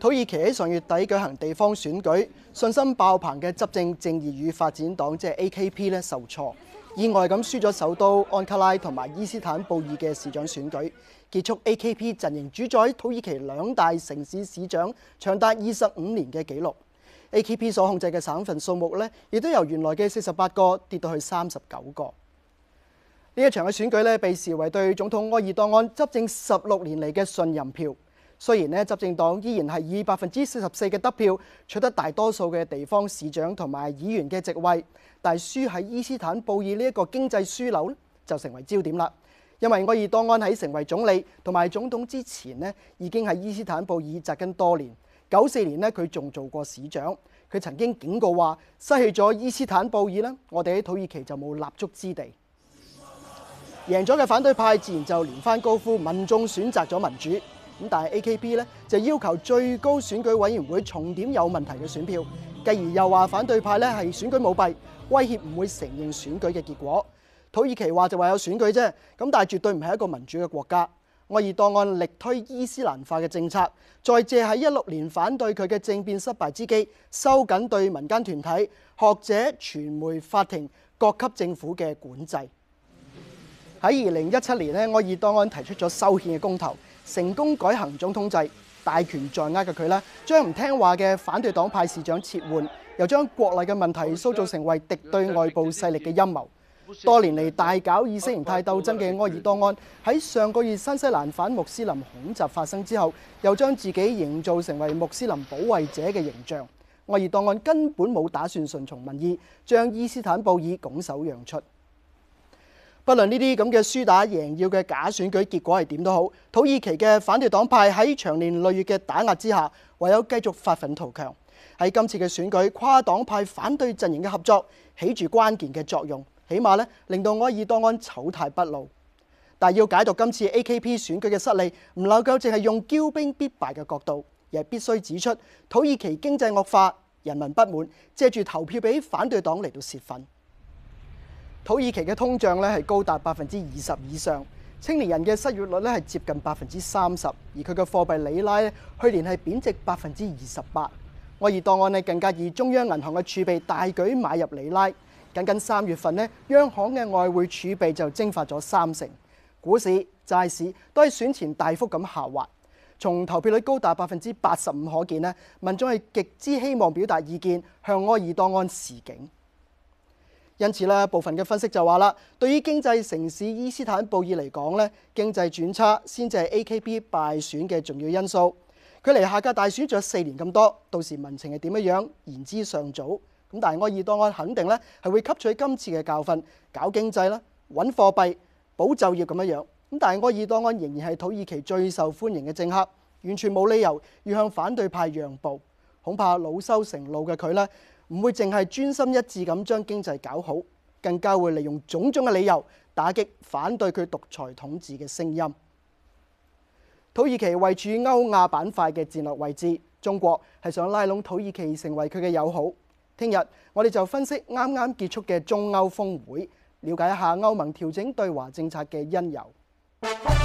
土耳其喺上月底舉行地方選舉，信心爆棚嘅執政正義與發展黨即係 AKP 咧受挫，意外咁輸咗首都安卡拉同埋伊斯坦布爾嘅市長選舉，結束 AKP 陣營主宰土耳其兩大城市市長長達二十五年嘅紀錄。AKP 所控制嘅省份數目咧，亦都由原來嘅四十八個跌到去三十九個。呢一場嘅選舉咧，被視為對總統阿爾多安執政十六年嚟嘅信任票。雖然咧執政黨依然係以百分之四十四嘅得票取得大多數嘅地方市長同埋議員嘅席位，但係輸喺伊斯坦布爾呢一個經濟樞紐就成為焦點啦。因為阿爾多安喺成為總理同埋總統之前咧，已經喺伊斯坦布爾扎根多年。九四年咧，佢仲做過市長。佢曾經警告話：失去咗伊斯坦布爾咧，我哋喺土耳其就冇立足之地。贏咗嘅反對派自然就連番高呼：民眾選擇咗民主。咁但係 AKP 咧就要求最高選舉委員會重點有問題嘅選票，繼而又話反對派咧係選舉舞弊，威脅唔會承認選舉嘅結果。土耳其話就話有選舉啫，咁但係絕對唔係一個民主嘅國家。愛爾當安力推伊斯蘭化嘅政策，再借喺一六年反對佢嘅政變失敗之機，收緊對民間團體、學者、傳媒、法庭各級政府嘅管制。喺二零一七年咧，愛爾當安提出咗修憲嘅公投。成功改行總統制，大權在握嘅佢咧，將唔聽話嘅反對黨派市長撤換，又將國內嘅問題塑造成為敵對外部勢力嘅陰謀。多年嚟大搞意識形態鬥爭嘅埃爾多安，喺上個月新西蘭反穆斯林恐襲發生之後，又將自己營造成為穆斯林保衞者嘅形象。埃爾多安根本冇打算順從民意，將伊斯坦布爾拱手讓出。不論呢啲咁嘅輸打贏要嘅假選舉結果係點都好，土耳其嘅反對黨派喺長年累月嘅打壓之下，唯有繼續發憤圖強。喺今次嘅選舉，跨黨派反對陣營嘅合作起住關鍵嘅作用，起碼咧令到埃爾多安醜態不露。但要解讀今次 AKP 選舉嘅失利，唔能夠淨係用驕兵必敗嘅角度，而必須指出土耳其經濟惡化、人民不滿，借住投票俾反對黨嚟到泄憤。土耳其嘅通脹咧係高達百分之二十以上，青年人嘅失業率咧係接近百分之三十，而佢嘅貨幣里拉咧去年係貶值百分之二十八。愛爾當案呢更加以中央銀行嘅儲備大舉買入里拉，僅僅三月份呢，央行嘅外匯儲備就蒸發咗三成，股市、債市都喺選前大幅咁下滑。從投票率高達百分之八十五，可見呢，民眾係極之希望表達意見，向愛爾當案示警。因此咧，部分嘅分析就話啦，對於經濟城市伊斯坦布爾嚟講咧，經濟轉差先至係 AKP 敗選嘅重要因素。佢離下屆大選仲有四年咁多，到時民情係點樣樣，言之尚早。咁但係，埃爾多安肯定咧係會吸取今次嘅教訓，搞經濟啦，穩貨幣、保就業咁樣樣。咁但係，埃爾多安仍然係土耳其最受歡迎嘅政客，完全冇理由要向反對派讓步。恐怕老羞成怒嘅佢咧。唔會淨係專心一致咁將經濟搞好，更加會利用種種嘅理由打擊反對佢獨裁統治嘅聲音。土耳其位處歐亞板塊嘅戰略位置，中國係想拉攏土耳其成為佢嘅友好。聽日我哋就分析啱啱結束嘅中歐峰會，了解一下歐盟調整對華政策嘅因由。